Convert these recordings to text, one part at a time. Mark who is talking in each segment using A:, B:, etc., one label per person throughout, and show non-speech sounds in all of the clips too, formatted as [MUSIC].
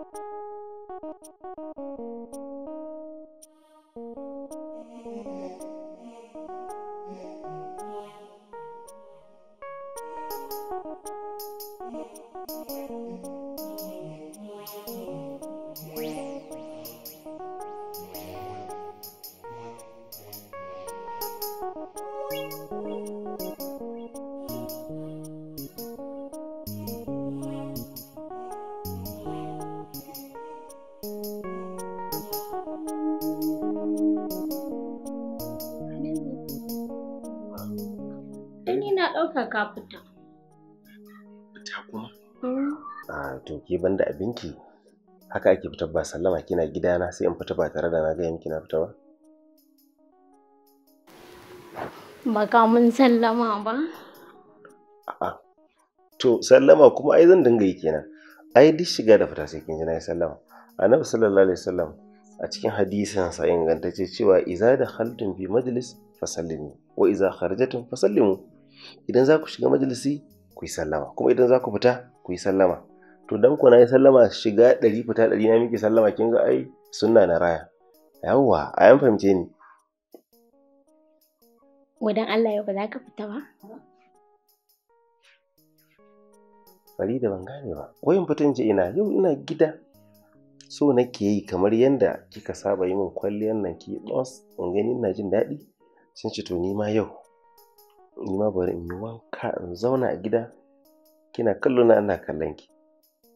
A: Thank you. haka ka fita.
B: Fita kuma? Mm. A to ke banda abinki haka ake fitar ba sallama kina gidana sai in fita ba tare da na gaya miki na fita ba?
A: Baka mun sallama ba?
B: A'a. To sallama kuma ai zan dinga yi kenan. Ai duk shiga da fita sai kin ji na yi sallama. Annabi sallallahu alaihi wasallam a cikin hadisin sa ingantacce cewa iza da khaltum fi majlis fasallimi wa iza kharajtum fasallimu. idan za ku shiga majalisi ku yi sallama kuma idan za ku fita ku yi sallama to dan ku na yi sallama shiga ɗari fita ɗari na miki sallama kin ga ai sunna na raya yawwa a yan fahimce ni
A: wadan Allah yau ba za ka fita ba
B: bari da ban gane ba wayin fitan ce ina yau ina gida so nake yi kamar yadda kika saba yi min kwalliyar nan ki dos in gani ina jin daɗi sun ce to ni ma yau ni ma bari in yi wanka in zauna a gida kina kallo na ana kallon ki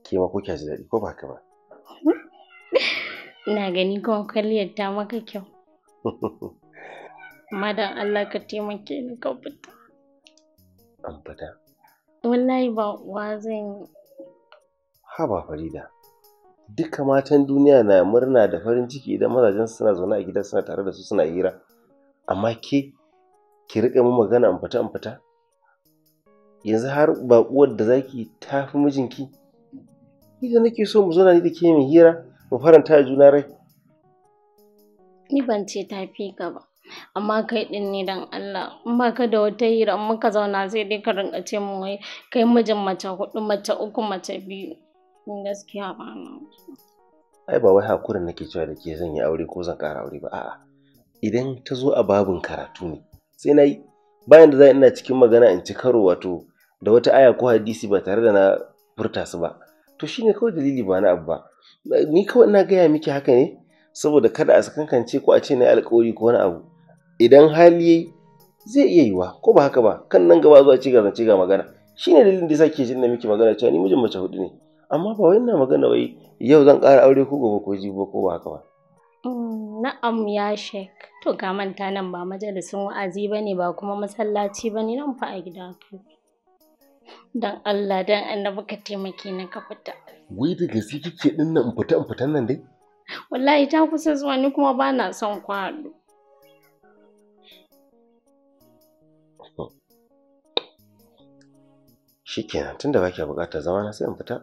B: ke ma kuke ji daɗi ko ba ka ba
A: [LAUGHS] ina gani kuma kwalliyar ta maka kyau [LAUGHS] madan Allah ka taimake ni ka fita an fita wallahi ba wa zan
B: haba farida duka matan duniya na murna da farin ciki idan mazajen suna zaune a gida suna tare da su suna hira amma ke ki riƙa mu magana in fita in fita yanzu har baƙuwar da zaki ta fi mijinki ni da nake so mu zauna ni da ke mai hira mu faranta juna rai
A: ni ban ce ta fi ka ba amma kai din ne dan Allah in ba ka da wata hira in muka zauna sai dai ka rinka ce mu wai kai mijin mace hudu mace uku mace biyu ni gaskiya ba na
B: ai ba wai hakurin nake cewa da ke zan yi aure ko zan ƙara aure ba a'a idan ta zo a babin karatu ne sai na yi bayan da za ina cikin magana in ci karo wato da wata aya ko hadisi ba tare da na furta su ba to shine kawai dalili ba na abu ba ni kawai ina gaya miki haka ne saboda kada a sakankance ko a ce na yi alkawari ko wani abu idan hali zai iya yiwa ko ba haka ba kan nan gaba zuwa ci gaba ci gaba magana shine dalilin da sake ke jin na miki magana cewa ni mijin mace hudu ne amma ba wai ina magana wai yau zan ƙara aure ko gobe ko jibi ko ba haka ba
A: mm, na'am ya shek to ka manta nan ba majalisin wa'azi ba ne ba kuma masallaci ba ne nan fa a gida ka dan Allah don annabi ka taimake na ka fita
B: wai da gaske kike din nan fita in fita nan dai
A: wallahi ta kusa zuwa ni kuma ba na son kwado
B: shikenan tunda ba ke bukatar zama na sai in fita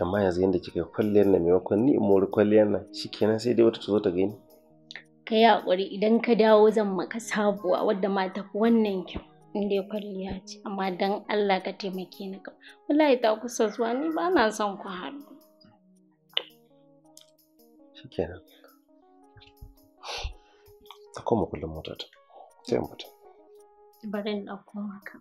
B: amma yanzu yadda kika kwalliyar na maimakon ni in mori kwalliyar nan shikenan sai dai wata ta zo ta gani
A: ka yi haƙuri idan ka dawo zan maka sabuwa wadda ma tafi wannan kyau in dai kwalliya ce amma don Allah ka taimake ni ka wallahi ta kusa zuwa ni ba na son ku haɗu
B: shikenan ta koma kullum mota ta sai
A: in bari in ɗauko maka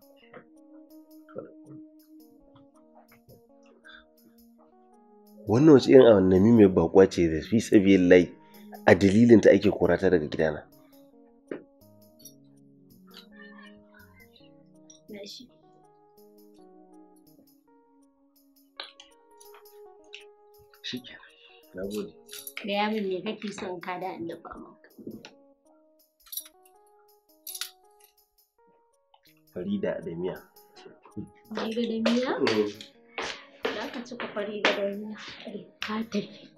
B: wannan wasu irin awannan mai bakwa ce da fi sabi layi. a dalilin ta ake korata daga gidana
A: Da yamin ne kake son ka da
B: Farida da miya.
A: Farida da miya? Za ka cika Farida da miya. Ka tafi.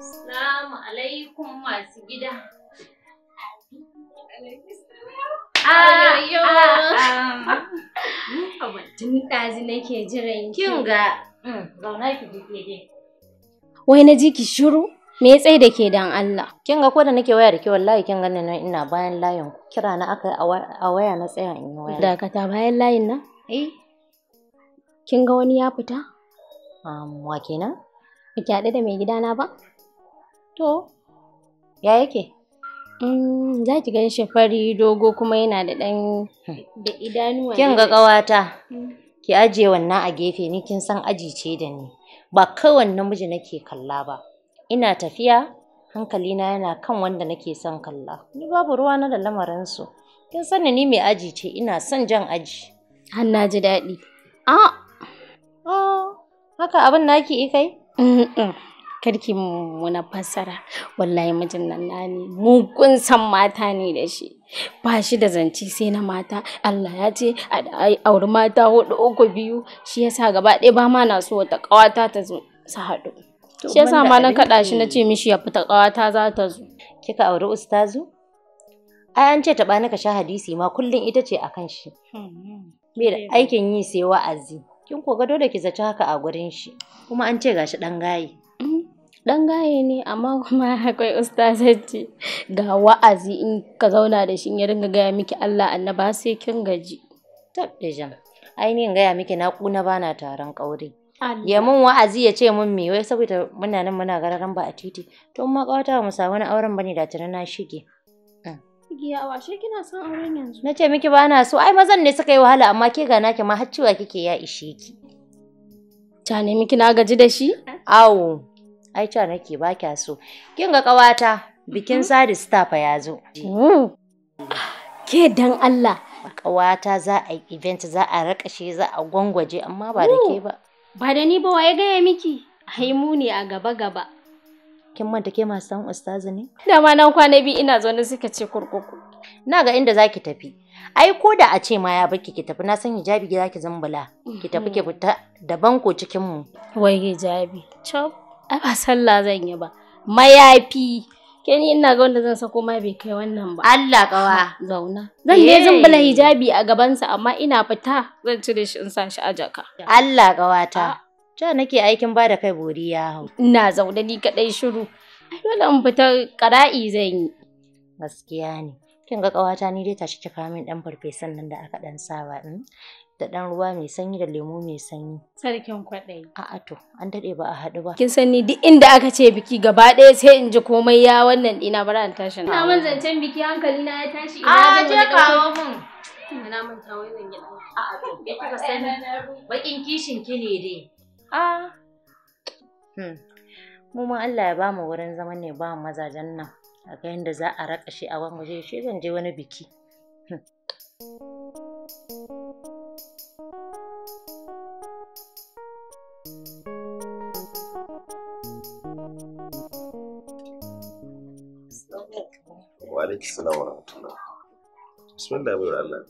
A: Salamu alaikum masu gida. Ah, ah, ah, [LAUGHS] tun ɗazi nake jiran kin ga mm,
C: zauna ki Wai na ji ki shiru? Me ya tsaye da ke dan Allah? Kin ga ko da nake waya da ke wallahi kin ganin nan ina bayan layin ku. Kira na aka a waya na tsaya in yi Ka
A: Dakata bayan layin nan? Eh. Kin ga wani ya fita?
C: Wa kenan?
A: Ba ki haɗu da mai gidana ba? To,
C: ya yake? Mm, za ki gan shi fari dogo kuma yana da ɗan
A: da idanuwa. Kin ga ƙawata, mm.
C: ki ajiye wannan a gefe ni kin san aji ce da ni. Ba kai wannan namiji nake kalla ba. Ina tafiya hankalina yana kan wanda nake son kalla. Ni babu ruwa na da lamarinsu. Kin san ni mai aji ce ina son jan aji. Har ji daɗi. Ah! Oh,
A: haka abin naki ikai? Karki muna fassara, wallahi mijin nan nani mugun san mata ne da shi. Ba shi da zanci sai na mata, Allah ya ce a auri mata hudu uku biyu, shi yasa gaba ɗaya ba ma na so wata
C: ƙawata ta zo su haɗu.
A: Shi yasa ma na kaɗa shi na ce
C: mishi ya fita ƙawata za ta zo. Kika auri ustazu? Ai an ce ta taɓa ka sha hadisi ma kullum ita ce a kan shi.
A: Hmm, hmm.
C: Bai aikin yi sai wa'azi. kin ko dole ki zaci haka a gurin shi kuma an ce gashi dan gaye dan mm-hmm. gaye ne amma kuma [LAUGHS] akwai
A: ustazanci ga wa'azi in ka zauna da shi ya ringa gaya miki Allah annaba sai kin
C: gaji jan ainihin gaya miki na kuna bana taron kauri ya mun wa'azi ya ce mun me wai saboda muna nan muna gararan ba a titi to ma kawata mu samu wani auren bane da tana na shige
A: Nace washe kina son auren yanzu.
C: Nace miki ba na so, ai mazan ne suka yi wahala amma ke ga naki ma har cewa kike ya ishe ki. Ta ne miki na gaji da shi? Awo, ai ca nake ba kya so. Kin ga ƙawata bikin mm-hmm. sadi staff ya zo. Mm. Ke dan Allah. kawata za a yi event za a rakashe za a gwangwaje amma ba da mm. ke ba. Ba da ni ba waye gaya miki? Ai mu ne a gaba gaba. kin manta ke masu san ustazu ne
A: dama nan kwana biyu ina zaune suka ce kurkuku
C: na ga inda zaki tafi ai ko da a ce ma ya baki ki tafi na san hijabi ki zaki zambala ki tafi ki mm-hmm. fita da banko cikin mu wai hijabi
A: chop A ba sallah zan yi ba
C: mayafi ke
A: ni ina ga wanda zan sako ma bai kai wannan ba Allah kawa
C: zauna zan je eh. zambala
A: hijabi a gabansa amma ina fita zan cire shi in sa shi a jaka
C: Allah kawata ah. Ta nake aikin ba da kai godiya. Ina zaune ni kaɗai shiru. Ai dole in fita ƙara'i zan yi. Gaskiya ne. Kin ga ƙawata ni dai tashi cika min ɗan farfesan nan da aka ɗan saba in. Hmm? Da ɗan ruwa mai sanyi da lemu mai sanyi. Sarkin kwaɗayi. A'a to, an daɗe ba a haɗu ba. Kin
A: san ni duk inda aka ce biki gaba ɗaya sai in ji komai ya wannan ɗina bara in tashi. Ina mun zancen biki hankali na ya tashi. A je kawo mun. Ina mun tawo zan yi ɗan. A'a to, ya kika sani. Baƙin kishin
C: ki ne dai. a ah. hmm. mu ma Allah ya bamu wurin zaman ne ba mazajen nan a ga yadda za a raka shi a wani waje shi zan je wani biki hmm.
B: wa alaiki wa rahmatullah bismillah bai Allah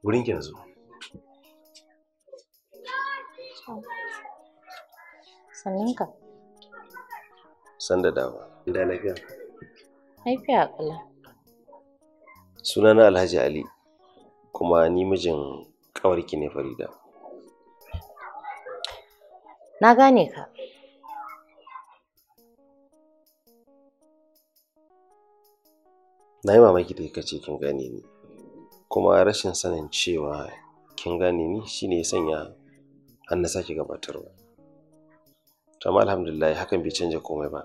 B: wurin ki yanzu Sannin ka. San da Na Gida lafiya.
C: Lafiya akala.
B: Sunana Alhaji Ali kuma ni mijin ƙawarki ne Farida.
C: Na gane ka.
B: Na yi mamaki da kika ce kin gane ni, kuma rashin sanin cewa kin gane ni shine ya sanya an na sake gabatarwa to amma alhamdulillah hakan bai canja komai ba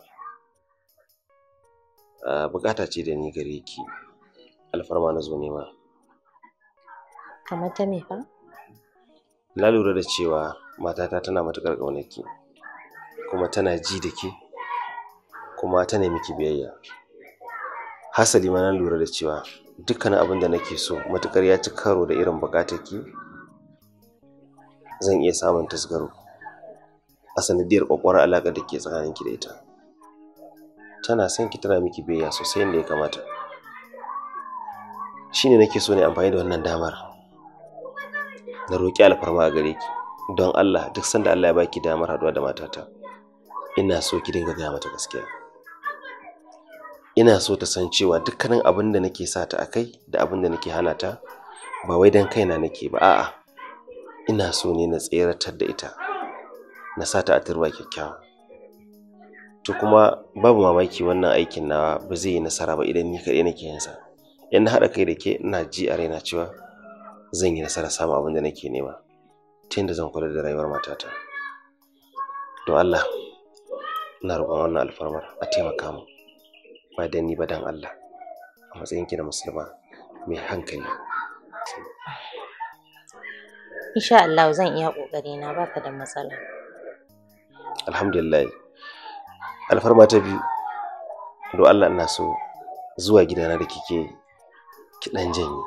B: bukata ce da ni gare ki alfarma na zo nema
C: kamar ta me fa
B: na lura da cewa matata tana matukar ƙaunaki, kuma tana ji da ke kuma ta nemi ki biyayya hasali ma na lura da cewa dukkanin abin da nake so matukar ya ci karo da irin bukatar ki zan iya samun tasgaro a sanadiyar kwakwar alaƙar da ke ki da ita tana son ki tana miki biyayya sosai inda ya kamata shine nake so ne amfani da wannan damar na roƙi alfarma a gare ki don Allah duk sanda Allah ya baki damar haduwa da matata ina so ki dinga gaya mata gaskiya ina so ta san cewa dukkanin abin da nake sa ta kai da abin da nake hana ta ba wai dan kaina nake ba a'a ina so ne na tseratar da ita na sa ta a turba kyakkyawa to kuma babu mamaki wannan aikin nawa ba zai yi nasara ba idan ni kaɗai nake yinsa in na haɗa kai da ke ina ji a raina cewa zan yi nasara samun abin da nake nema ta yadda zan kula da rayuwar matata To Allah ina roƙon wannan alfarmar a taimaka mu ba dan ni ba dan Allah a ki na musulma mai hankali
C: insha Allah zan iya kokari na baka da matsala
B: alhamdulillah alfarma ta biyu Do Allah ina so zuwa gidana da kike ki dan janye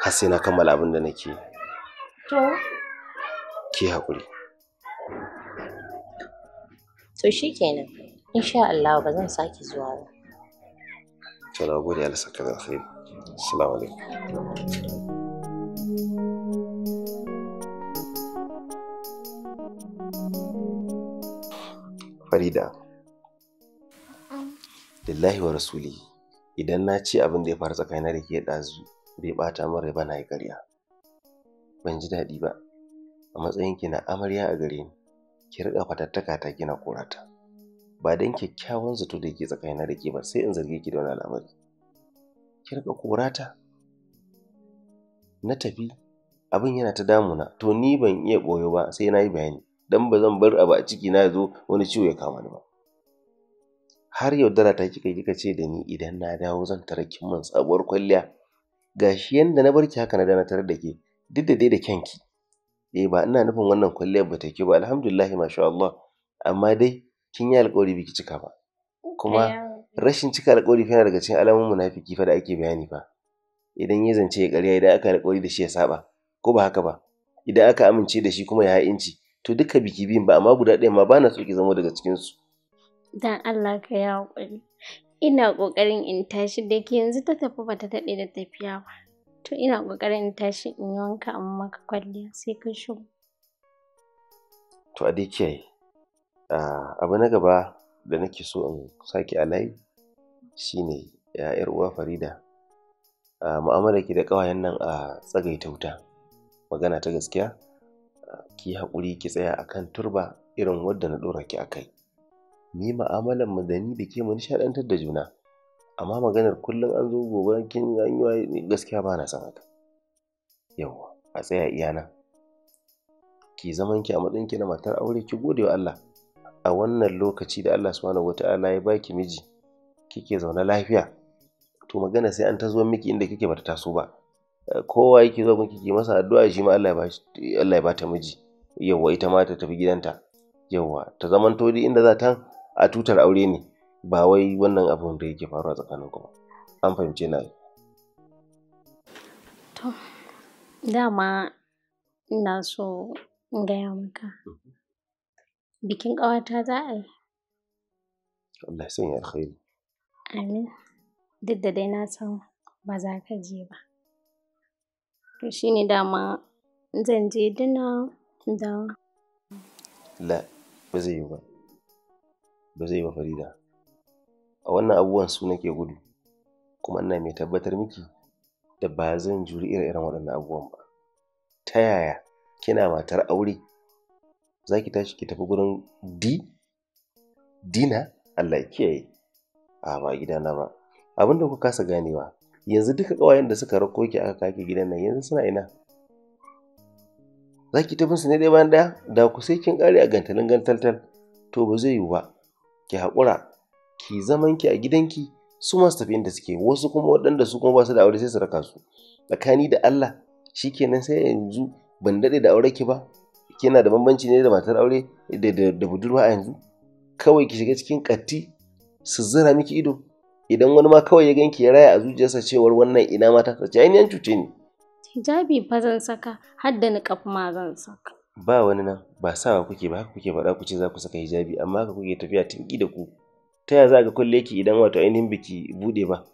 B: har sai na kammala abin da nake to ki hakuri
C: to shikenan insha Allah ba zan saki zuwa ba
B: to na gode assalamu alaikum Farida. Mm. Lillahi wa rasuli idan na ce abin da ya faru tsakanin da ke ɗazu bai ɓata min rai ba na yi ƙarya. Ban ji daɗi ba. A matsayin ki na amarya a gare ni ki riƙa fatattaka ta kina korata. Ba dan kyakkyawan zato da ke tsakanin da ke ba sai in zarge ki da wani al'amari. Ki riƙa korata. Na tafi abin yana ta damuna to ni ban iya ɓoyo ba sai na yi bayani. dan ba zan bar abu a ciki na yazo wani ciwo ya kama ni ba har yaudara ta kika kika ce da ni idan na dawo zan tara kin man sabuwar kwalliya gashi yanda na barki haka na dana tare da ke duk da dai da kyanki eh ba ina nufin wannan kwalliyar ba ta ba alhamdulillah masha Allah amma dai kin yi alƙawari biki cika ba kuma rashin cika alƙawari yana daga cikin alamun munafiki fa da ake bayani fa idan ya zance ya ƙarya idan aka alƙawari da shi ya saba ko ba haka ba idan aka amince da shi kuma ya ha'inci to duka biki biyun ba amma guda ɗaya ma ba na so ki zama daga cikin su
A: dan Allah ka yi hakuri ina ƙoƙarin in tashi da ke yanzu ta tafi ta daɗe da tafiya ba to ina ƙoƙarin in tashi in yi wanka amma maka kwalliya
C: sai ka shigo
B: to a dai kiyaye ah, abu na gaba da nake so in sake a layi shine ya yar uwa Farida ah, Mu'amala ki da ƙawayen nan a tsagaita wuta magana ta gaskiya ki haƙuri ki tsaya akan turba irin wadda na ɗora ki a kai. Ni ma'amalan mu da ni da ke mu nishaɗantar da juna amma maganar kullum an zo gobe kin an yi gaskiya ba na son haka yawa a tsaya iyana. ki zaman ki a matsayin ki na matar aure ki gode wa Allah a wannan lokaci da Allah subhanahu wata'ala ya baki miji kike zaune lafiya to magana sai an tazo miki inda kike bata taso ba kowa yake zo miki ki masa addu'a shi ma Allah ya ba ta miji yawwa ita ma ta tafi gidanta yawwa ta zaman todi inda za ta a tutar aure ne ba wai wannan abin da yake faruwa tsakanin ku ba an fahimce na
A: to dama ina so in gaya maka bikin ƙawata za a yi
B: Allah ya sanya alkhairi
A: amin duk da dai na san ba za ka je ba To shi ne dama zan je dina da.
B: La, ba zai yi ba. Ba zai yi ba Farida. A wannan abubuwan su nake gudu, kuma ina mai tabbatar miki da ba zan juri ire-iren waɗannan abubuwan ba. Ta yaya kina matar aure za ki tashi ki tafi gurin di? Dina? Allah kiyaye. A ba gidana ba. Abinda ku kasa ganewa yanzu duka ƙawayen da suka rako ki aka kake gidan nan yanzu suna ina za ki tafi su ne dai bayan ɗaya da ku sai kin ƙare a gantalin gantaltal to ba zai yiwu ba ki haƙura ki zaman ki a gidanki su masu tafi da suke wasu kuma waɗanda su kuma ba da aure sai su raka su tsakani da Allah shi shikenan sai yanzu ban daɗe da aure ki ba kina da bambanci ne da matar aure da budurwa a yanzu kawai ki shiga cikin ƙatti su zira miki ido idan wani ma kawai ya ganki ya raya a zuciyarsa cewar wannan ina mata ta sace ainihin cuce ne
A: hijabi fa zan saka har da niqab ma zan saka
B: ba wani nan ba sawa kuke ba haka kuke faɗa ku ce za ku saka hijabi amma haka kuke tafiya tinki da ku ta ya za ka kulle ki idan wato ainihin biki buɗe ba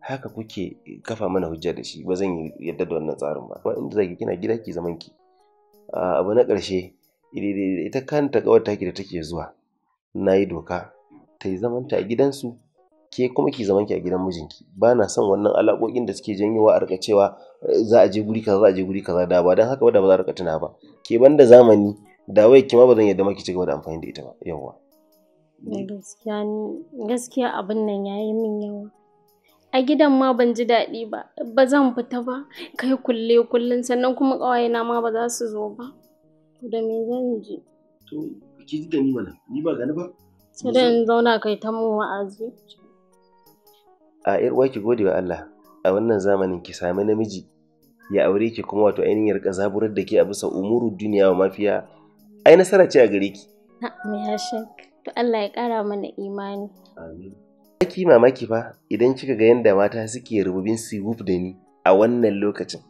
B: haka kuke kafa mana hujja da shi ba zan yi yadda da wannan tsarin ba ba inda zaki kina gida ki zaman ki abu na ƙarshe ita kanta ƙawar taki da take zuwa na yi doka ta yi zamanta a gidansu ke kuma ki zaman ki a gidan mijinki ba na son wannan alaƙoƙin da suke janyowa a rika cewa eh, za a je guri kaza za a je guri kaza da ba don haka ba da ba za a rika tuna ba ke banda zamani da wai ki ma ba zan yarda maki ci gaba da amfani da ita ba yawa.
A: gaskiya gaskiya abin nan yayi min yawa a gidan ma ban ji daɗi ba ba zan fita ba kai kulle kullun sannan kuma ƙawayena ma ba za su zo ba
B: da me zan ji to ki ji da ni mana ni ba gani ba
A: sai da in zauna kai ta mu wa'azi
B: a yar uwa ki gode wa Allah a wannan zamanin ki sami namiji ya aure ki kuma wato ainihin ya rika zaburar da ke a bisa umuru duniya wa mafiya ai nasara ce a gare ki
A: me ya shak to Allah ya kara mana imani amin
B: ki mamaki fa idan kika ga yanda mata suke rububin su da ni a wannan lokacin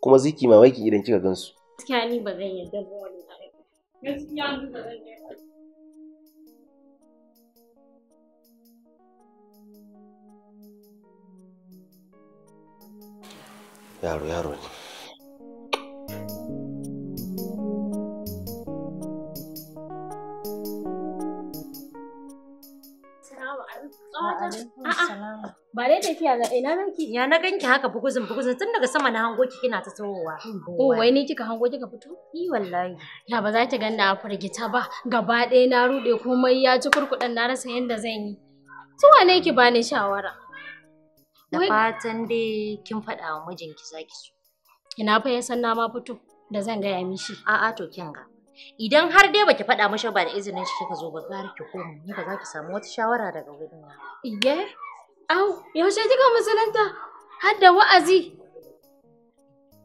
B: kuma ziki mamaki idan kika gansu
A: gaskiya ni ba zan yarda ba wannan gaskiya ni ba zan yarda yaro yaro ne
C: ba dai tafiya ga ina ganki ya na ganki haka buguzin buguzin tun daga sama na hango ki kina ta tsowowa oh wai ni kika hango kika fito
A: yi wallahi ya ba za ki ganda a firgita ba gaba ɗaya na rude komai ya ci kurkuɗen na rasa yadda zan yi to wane ki bani shawara Da fatan
C: dai kin faɗa wa mijinki zaki so. Ina fa san na ma fito da zan gaya mishi. A'a to kin ga. Idan har dai baki faɗa mishi ba da izinin shi kika zo ba gari ki koma ni ba za ki samu wata shawara daga wurin na.
A: Iye? Au, yaushe kika musulunta? Har da wa'azi.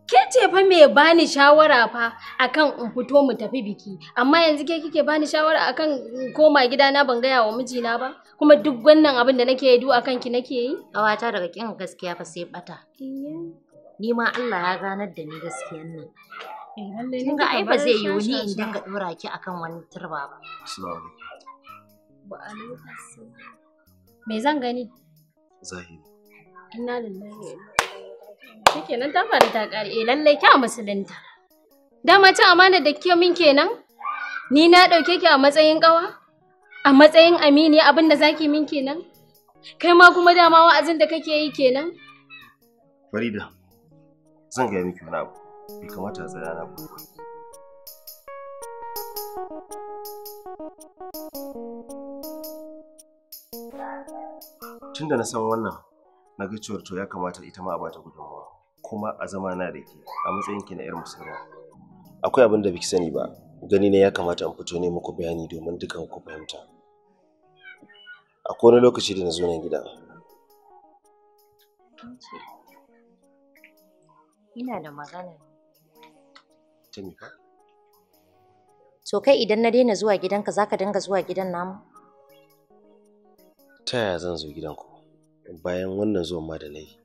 A: ke ce fa me bani shawara fa akan in fito mu tafi biki amma yanzu ke kike bani shawara akan koma gida na ban gaya wa mijina ba
C: kuma duk wannan
A: abin da nake yi akan ki nake yi
C: awata daga kin gaskiya fa sai bata ni ma Allah ya ganar da ni gaskiyan nan eh, kin ga ai ba zai yi ni in dinga dora ki akan wani turba ba
A: alaikum
C: me zan gani zahiri inna
A: lillahi wa inna Shikenan ta fara ta ƙare. Eh lallai kya musulunta. Dama ta amana da ke min kenan? Ni na ɗauke ki a matsayin ƙawa? A matsayin amini, abin da zaki min kenan? Kai ma kuma dama wa'azin da kake yi kenan?
B: Farida, zan gaya miki wani abu. Bai kamata a tsaya na ba. Tunda na san wannan, na ga cewar to ya kamata ita ma a bata gudunmawa. kuma a zama na da ke a matsayin ki na 'yar musulma akwai abin da biki sani ba gani ne ya kamata in fito ne muku bayani domin dukan ku fahimta akwai wani lokaci da na zo nan gida
C: ina da magana So kai idan na daina zuwa gidanka za ka dinga zuwa gidan namu?
B: Ta yaya zan zo gidanku bayan wannan zuwan ma da na yi?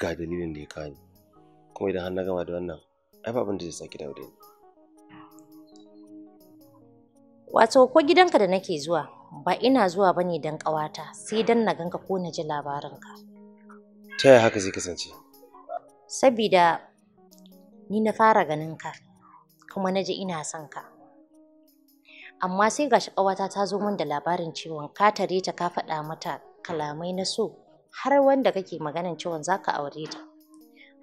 B: ga dalilin da ya kawo ni kuma idan har na gama da wannan ai ba abin da zai saki da wuri
C: wato ko gidanka da nake zuwa ba ina zuwa bane dan ƙawata sai dan na ganka ko na ji labarinka
B: ta yaya haka zai kasance
C: sabida ni na fara ganin ka kuma na ji ina son ka amma sai gashi ƙawata ta zo min da labarin cewa ka tare ta ka faɗa mata kalamai na so har wanda kake maganan cewa za ka aure ta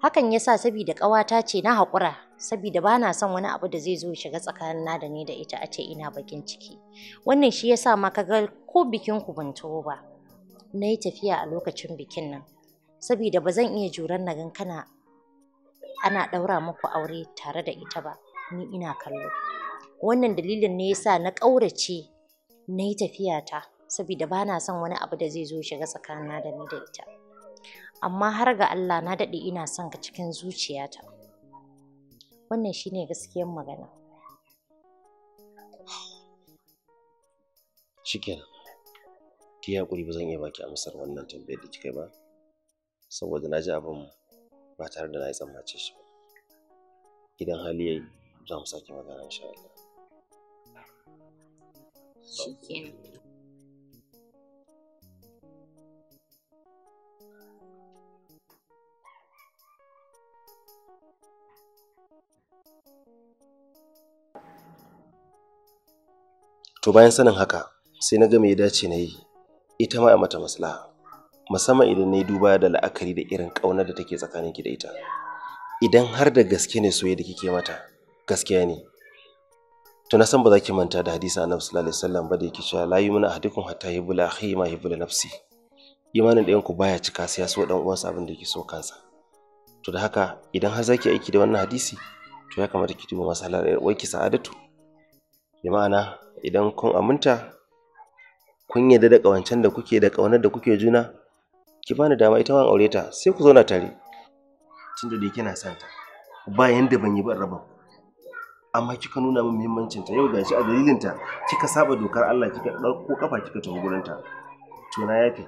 C: hakan ya sa saboda ƙawata ce na haƙura saboda ba na son wani abu da zai zo shiga tsakanin na da ni da ita a ce ina bakin ciki wannan shi ya sa ma ka ga ko bikin ku ban taho ba na yi tafiya a lokacin bikin nan saboda ba zan iya juran na gan kana ana ɗaura muku aure tare da ita ba ni ina kallo wannan dalilin ne ya sa na ƙaurace na yi ta. saboda ba na son wani abu da zai zo shiga tsakanina da ni da ita amma har ga Allah na daɗe ina son ka cikin zuciyata wannan shine gaskiyar magana
B: shikenan ki hakuri ba zan iya baki amsar wannan tambayar da kika ba saboda na ji abin ba tare da na yi tsammace shi ba idan hali yayi za mu sake magana insha Allah
A: shikenan
B: to bayan sanin haka sai na ga mai ya dace na yi ita ma a mata maslaha musamman idan na yi duba da la'akari da irin ƙaunar da take tsakanin ki da ita idan har da gaske ne soyayya da kike mata gaskiya ne to na san ba za ki manta da hadisi annabi sallallahu alaihi wasallam ba da yake cewa la yumina ahadukum hatta yubla akhi ma yubla nafsi imanin da yanku baya cika sai ya so dan uwansa abin da yake so kansa to da haka idan har zaki aiki da wannan hadisi to ya kamata ki duba masalar wai ki sa'adatu bi ma'ana idan kun aminta kun yarda da ƙawancen da kuke da ƙaunar da kuke juna ki bani dama ita ma aure ta sai ku zauna tare tunda dai kina son ta ba yanda ban yi ban raba amma kika nuna min muhimmancin ta yau gashi a dalilin ta kika saba dokar Allah kika ɗauko kafa kika tafi gurin ta to na yafe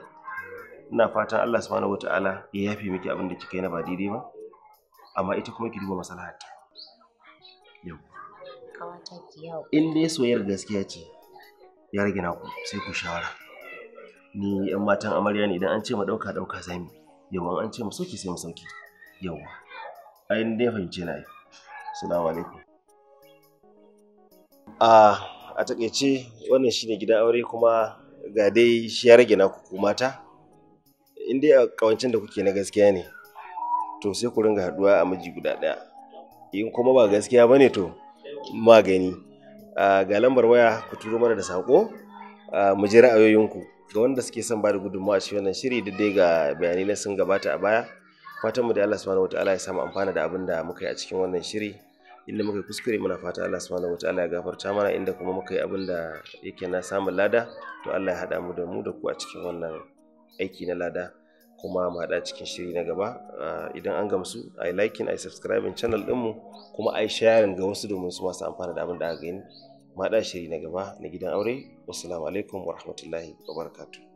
B: ina fatan Allah subhanahu wataala ya yafe miki abin da kika yi na ba daidai ba amma ita kuma ki duba ta in dai soyayyar gaskiya ce ya rage ku sai ku shawara ni yan matan amarya ne idan an ce mu dauka dauka zami yau an ce mu soki sai mu sauki yawa ai dai fahimce na yi assalamu alaikum a a takaice wannan shine gidan aure kuma ga dai shi ya rage naku ku mata in dai a kawancin da kuke na gaskiya ne to sai ku ringa haduwa a miji guda daya in kuma ba gaskiya bane to magani ga lambar waya ku turo mana da sako mu ji ra'ayoyinku ga wanda suke son da gudunmawa a cikin wannan shiri da dai ga bayanai na sun gabata a baya fatan mu da Allah subhanahu wataala ya samu amfana da abin da muka yi a cikin wannan shiri inda muka kuskure muna fata Allah subhanahu wataala ya gafarta mana inda kuma muka yi abin da yake na samun lada to Allah ya haɗa mu da mu da ku a cikin wannan aiki na lada kuma mada cikin shiri na gaba ah, idan an gamsu a yi liking a yi subscribing channel ɗinmu kuma a yi sharing ga wasu domin su masu amfani da abin da aka gani Mada shiri na gaba na gidan aure wasu alaikum wa rahmatullahi wa barakatu.